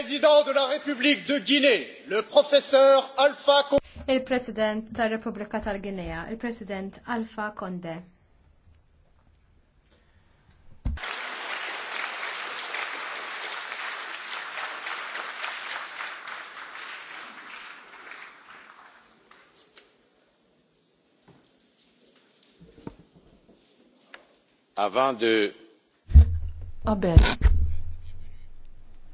President de la République de Guinée, le professeur Alpha Condé. Il-President tal republika tal-Ginea, il-President Alpha Condé. Avant de Oh,